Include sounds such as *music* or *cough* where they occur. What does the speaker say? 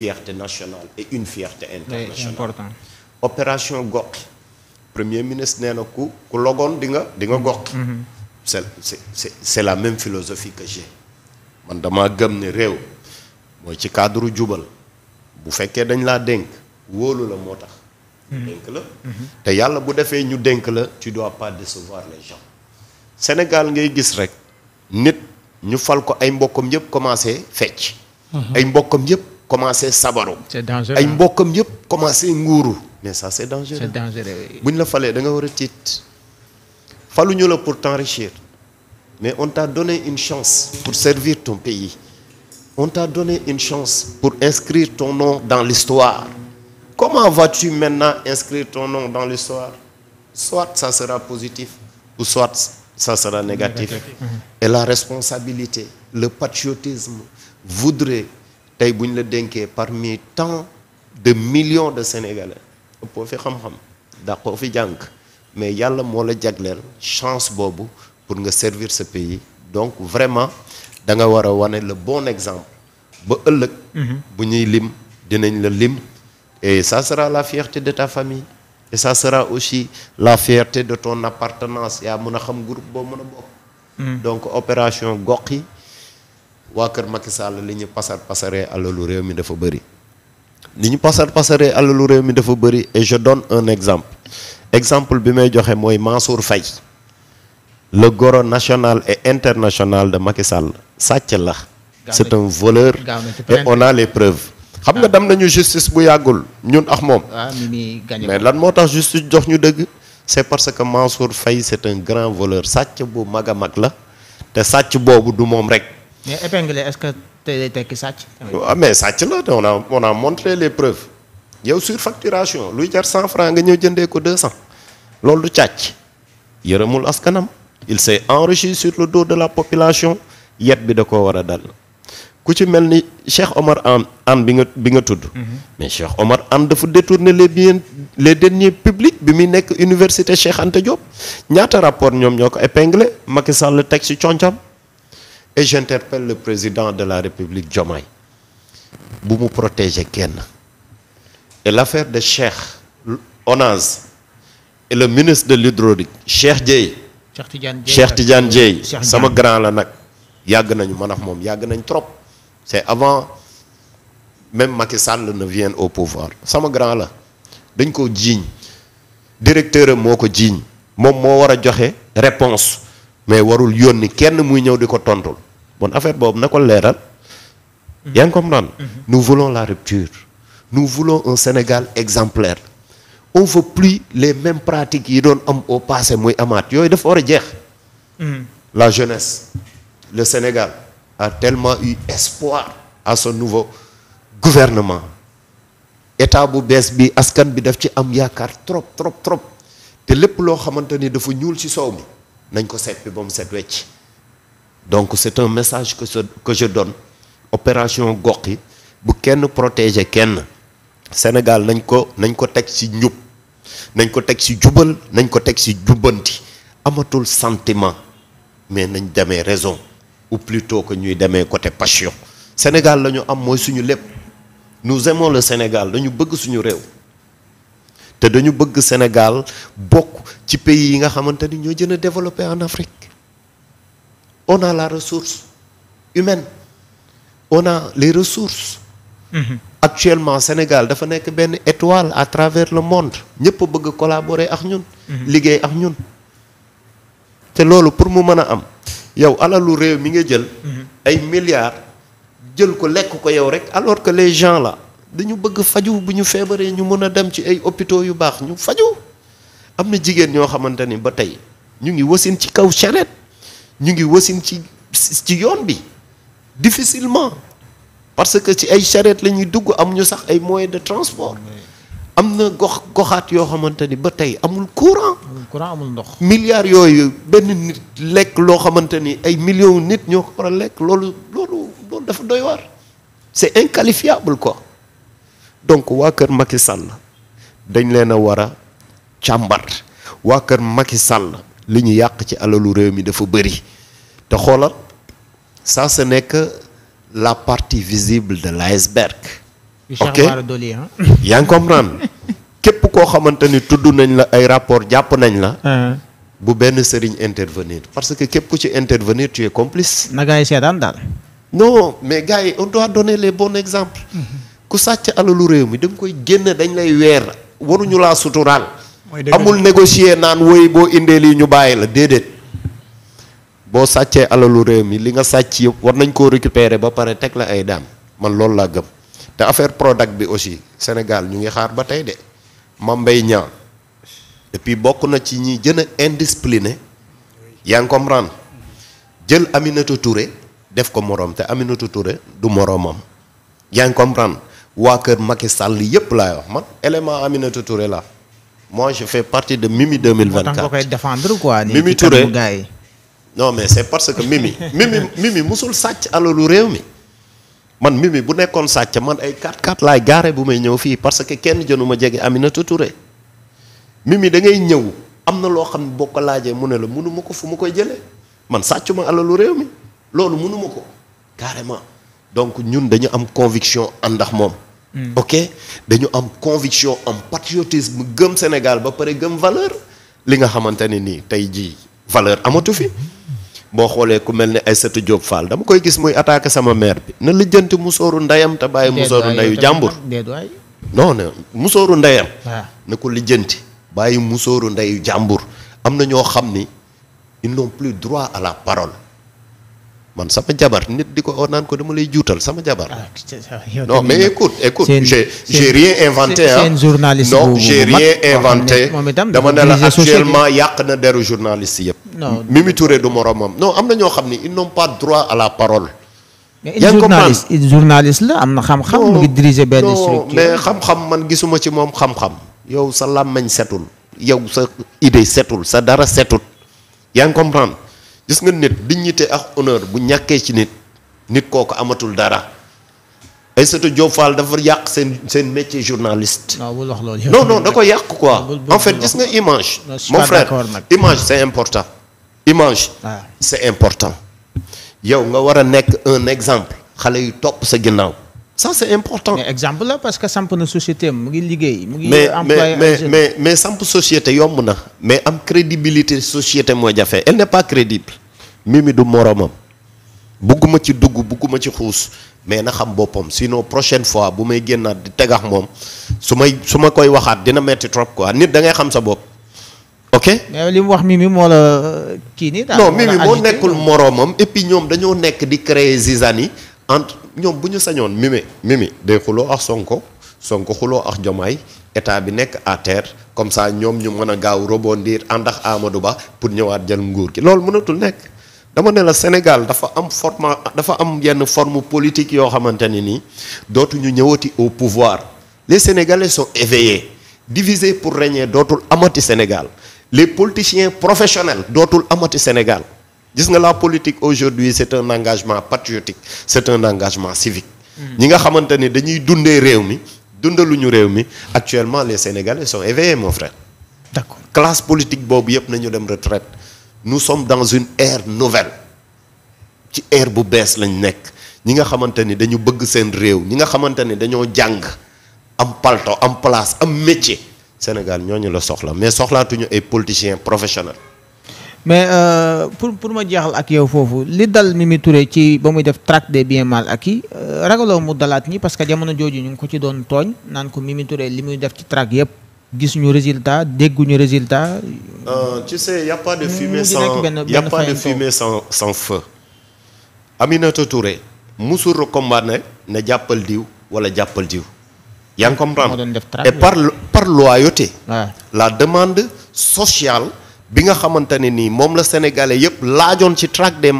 fierté nationale et une fierté internationale opération goqi premier ministre nee na ku ku logoon di nga di nga mm-hmm. goqi mm-hmm. c'est la même philosophie que j'ai man dama gëm ne réew mooy ci cadre jubal bu fekkee dañ laa dénk wóolu la moo tax mm-hmm. te yàlla bu defee ñu dénk la tu dois pas décevoir les ngay gis rek nit ñu fal ko ay mbokkam yëpp commencé fecc ay mbokkam yëpp commencé sabaru. c'est dangereux ay mbokkam yëpp commencé nguuru mais ça c'est dangereux. c'est dangereux bu ñu la falee da nga war a tiit faluñu la pour t'enrichir mais on t'a donné une chance pour servir ton pays on t'a donné une chance pour inscrire ton nom dans l'histoire comment vas-tu maintenant inscrire ton nom dans l'histoire soit ça sera positif ou soit ça sera négatif et la responsabilité le patriotisme voudrait tey bu ñu la dénkee parmi tant de millions de sénégalais ëppoo fi xam-xam dàqoo fi jàng mais yàlla moo la jagleel chance boobu pour nga servir ce pays donc vraiment da nga war a wane le bon exemple ba ëllëg. Mhm. bu ñuy lim dinañ la lim. et ça sera la fierté de ta famille. et ça sera aussi la fierté de ton appartenance yaa mën a xam groupe boo mën a bokk. Mhm. donc opération gox yi. waa kër Macky Sall li ñu pasar pasaree alalu réew mi dafa bëri li ñu pasar pasaree alalu réew mi dafa bëri et je donne un exemple exemple bi may joxe mooy Mansour Faye le goro national et international de Macky Sall sàcc la c'est un voleur et on a les preuves xam nga dem nañu justice bu yàggul ñun ax moom ah, mais lan moo tax justice jox ñu dëgg c'est parce que Mansour Faye c'est un grand voleur sàcc bu mag a mag la te sàcc boobu du moom rek mais épinglé est-ce que tey tekki sàcc. waaw ah, mais sàcc la on a on a montré les preuves yow surfacturation luy jar cent franc nga ñëw jëndee ko deux cent loolu càcc yërëmul askanam il s'est enrichi sur le dos de la population yet bi da ko war a dal ku ci mel ni Cheikh Omar Anne bi nga bi nga tudd. Mhm. mais Cheikh Omar Anne dafa détourner les biens les deniers publics bi muy nekk université Cheikh Anta Diop ñaata rapport ñoom ñoo ko épinglé Macky Sall teg ci concam et j'interpelle le président de la République Diomaye bu mu protéger kenn et l'affaire de Cheikh Onaz le ministre de l'hydraulique Cheikh Dieye Cheikh Tidiane Dieye sama grand la nag yàgg nañu man ak moom yàgg nañ trop c'est avant même Macky Sall ne vienne au pouvoir sama grand la dañ koo jiiñ directeur am moo ko jiiñ moom moo war a joxe réponse mais warul yónni kenn muy ñëw di ko tontul bon affaire boobu na ko leeral. Mhm. yaa ngi comprendre. Mhm. nous voulons la rupture. nous voulons un Sénégal exemplaire. on veut plus les mêmes pratiques yi doon am au passé muy amaat yooyu dafa war a jeex. Mhm. la jeunesse. le Sénégal a tellement eu espoir à son nouveau gouvernement. état bu bees bi askan bi def ci am yaakaar trop trop trop te lépp loo xamante ni dafa ñuul ci soow mi nañ ko seppi ba mu set wecc. donc c'est un message que je que je donne opération gox yi bu kenn protéger kenn Sénégal nañ ko nañ ko teg ci njub nañ ko teg ci jubal nañ ko teg ci jubbanti amatul sentiment mais nañ demee raison ou plutôt ko ñuy demee côté passion Sénégal lañu ñu am mooy suñu lépp nu aimons le Sénégal dañu bëgg suñu réew te dañu bëgg Sénégal bokk ci pays yi nga xamante ni ñoo gën a développé en Afrique on a la ressource humaine on a les ressources Mmh. actuellement Sénégal dafa nekk benn étoile à travers le monde ñëpp bëgg collaborer ak ñun mm-hmm. liggéey ak ñun te loolu pour mu mën a am yow alalu réew mi nga jël mm-hmm. ay milliards jël ko lekk ko yow rek alors que les gens la dañu bëgg faju bu ñu feebaree ñu mën a dem ci ay hôpitaux yu baax ñu faju am na jigéen ñoo xamante ni ba tey ñu ngi wasin ci kaw charrette ñu ngi wasin ci ci yoon bi difficilement parce que ci ay charrette la ñuy dugg am ñu sax ay moyens de transport am na gox goxaat yoo xamante ni ba tey amul courant. amul ndox. milliards yooyu benn nit lekk loo xamante ni ay millions nit ñoo ko war a lekk loolu loolu loolu dafa doy waar. c'est inqualifiable quoi donc waa kër Macky sàll dañ leen a war a càmbar waa kër Macky Sall. li ñu yàq ci alalu réew mi dafa bëri te xoolal ça sa nekk que la partie visible de l'iceberg ok *laughs* yaa ngi comprendre képp koo xamante ni tudd nañ la ay rapport jàpp nañ la ah. bu benn sëriñ intervenir parce que képp ku ci intervenir tu es complice na gars yi seetaan daal non mais gars yi on doit donner les bons exemples mm-hmm. ku sàcc alalu réew mi da koy génn dañ lay weer waruñu laa suturaal amul négocier naan woy boo indee lii ñu bàyyi la déedéet boo sàccee alalu réew mi li nga sàcc yëpp war nañ koo récupérer ba pare teg la ay daam man loolu laa gëm te affaire Prodac bi aussi Sénégal ñu ngi xaar ba tey de ma mbay Niang et bokk na ci ñi gën a indiscipliné yaa ngi jël Aminata Touré def ko moroom te Aminata Touré du moroomam yaa ngi waa kër Macky Sall yëpp laay wax man élément Aminata Touré la moi je fais de Mimi 2024 moo tax nga koy défendre ko Mimi Touré gars yi non mais c'est parce que Mimi. *laughs* Mimi Mimi mosul sàcc alalu réew mi. man Mimi bu nekkoon sàcc man ay 4-4 laay gaare bu may ñëw fii parce que kenn jënuma jege Aminata Touré. Mimi da ngay ñëw am na loo xam ne boo ko laajee mu ne la mënuma ko fu mu koy jëlee man sàccuma alalu réew mi loolu mënuma ko carrément donc ñun dañu am conviction àndax moom. Hmm. ok dañu am conviction am patriotisme gëm Sénégal ba pare gëm valeur li nga xamante ne nii tey jii valeur amatu fi boo xoolee ku mel ne Aïssatou Diop Fall dama koy gis muy attaqué sama maire bi na lijjanti musóoru ndeyam te bàyyi musóoru ndeyu jàmbur non non musóoru ndeyam ah. na ko lijjanti bàyyi musóoru ndeyu jàmbur am na ñoo xam ni ils n'ont plus droit à la parole man sama jabar nit di ko oo naan ko dama lay juutal sama jabar. Ah, non mais écoute écoute j'ai j'ai rien inventé ah. non j'ai rien inventé dama ne la actuellement yàq na deru journaliste yëpp. Mimi Touré du moromam non am na ñoo xam ni ils n'ont pas droit à la parole. yaa ngi journaliste la am na xam-xam. mu ngi diriger benn structure mais xam-xam man gisuma ci moom xam-xam. yow sa làmmañ setul. yow sa idée setul sa dara setut yaa comprendre. gis nga nit dignité ak honneur bu ñàkkee ci nit nit kooku amatul dara Aïssatou Diop Fall dafa yàq seen seen métier journaliste. non non da ko yàq quoi. en fait gis nga image. mon frère image c'est important. image. Ah. c'est important. yow nga war a nekk un exemple. xale yu topp sa ginnaaw. ça c'est important. exemple la parce que samp na société mu ngi liggéey. mu ngi employé mais mais mais samp société yomb na. mais am crédibilité société mooy jafe elle n'est pas crédible. Mimi du moroomam bugguma ci dugg bugguma ci xuus mais na xam boppam sinon prochaine fois bu may génnaat di tegax moom su may su ma koy waxaat dina metti trop quoi nit da ngay xam sa bopp. ok mais li mu wax Mimi moo la euh, kii nii. non Mimi moo nekkul moroomam et puis ñoom dañoo nekk di créer zizanie entre ñoom bu ñu sañoon Mimi Mimi day xuloo ak Sonko Sonko xuloo ak Jomaay état bi nekk à terre comme ça ñoom ñu mën a gaaw rebondir ànd ak Amadou Ba pour ñëwaat jël nguur gi loolu mënatul nekk dama ne la Sénégal dafa am forme dafa am yenn forme politique yoo xamante ni nii dootuñu ñëwati au pouvoir les Sénégalais sont éveillés divisés pour régner dootul amati Sénégal les politiciens professionnels dootul amati Sénégal gis nga la politique aujourd'hui c'est un engagement patriotique c'est un engagement civique mm-hmm. ñi nga xamante ni dañuy dundee réew mi dundaluñu réew mi actuellement les Sénégalais son éveillés mon frère d'accord classe politique boobu yëpp nañu dem retraite nous sommes dans une ère nouvelle ci aire bu bees lañ nekk ñi nga xamante ni dañu bëgg seen réew ñi nga xamante ni dañoo jàng am palto am place am métier Sénégal ñooñu la soxla mais soxlaatuñu ay politiciens professionnels mais euh, pour pour ma jeexal ak yow foofu li dal Mimi Touré ci ba muy def traque des biens mal acquis euh, ragaloo mu dalaat ñi parce que jamono jooju ñu ngi ko ci doon tooñ naan ko Mimi ture li muy def ci traque yëpp gisuñu résultat dégguñu résultat. Euh, tu sais y' a pas de fumée sans y' a pas de fumée sans sans feu. Aminata Touré musul recommander ne jàppal diw wala jàppal diw. yaa ngi comprendre et par par loyauté. la demande sociale. bi nga xamante ne nii moom la sénégalais yëpp laajoon ci track dem